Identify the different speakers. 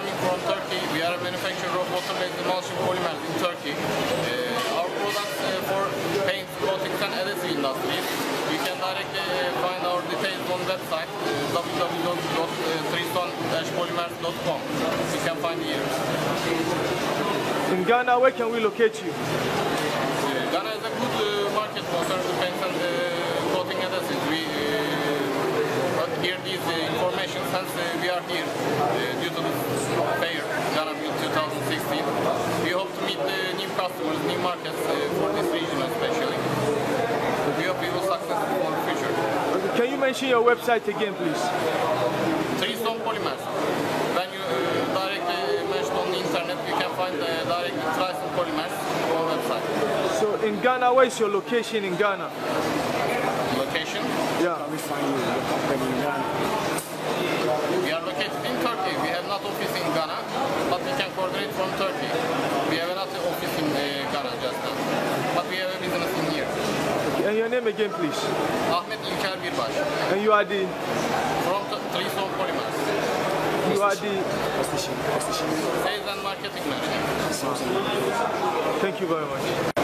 Speaker 1: coming from Turkey. We are a manufacturer of water-based emulsion polymers in Turkey. Uh, our products uh, for paint, coatings and adhesive industries. You can directly uh, find our details on website uh, www.tristan-polymers.com. You can find here. In Ghana, where can we locate you? Uh, Ghana is a good uh, market for certain paints and coating adhesives. We but here these information since we are here. Uh, for this region especially future. Can you mention your website again, please? Stone Polymers. When you uh, directly uh, mention on the internet, you can find the Three Stone Polymers on website. So in Ghana, where is your location in Ghana? Location? Yeah. We find you in Ghana. We are located in Turkey. name again, please? Ahmed İlker Birbaş. And you are the? From Triso Polymers. You are the? Position, position. Sales and Marketing Manager. Thank you very much.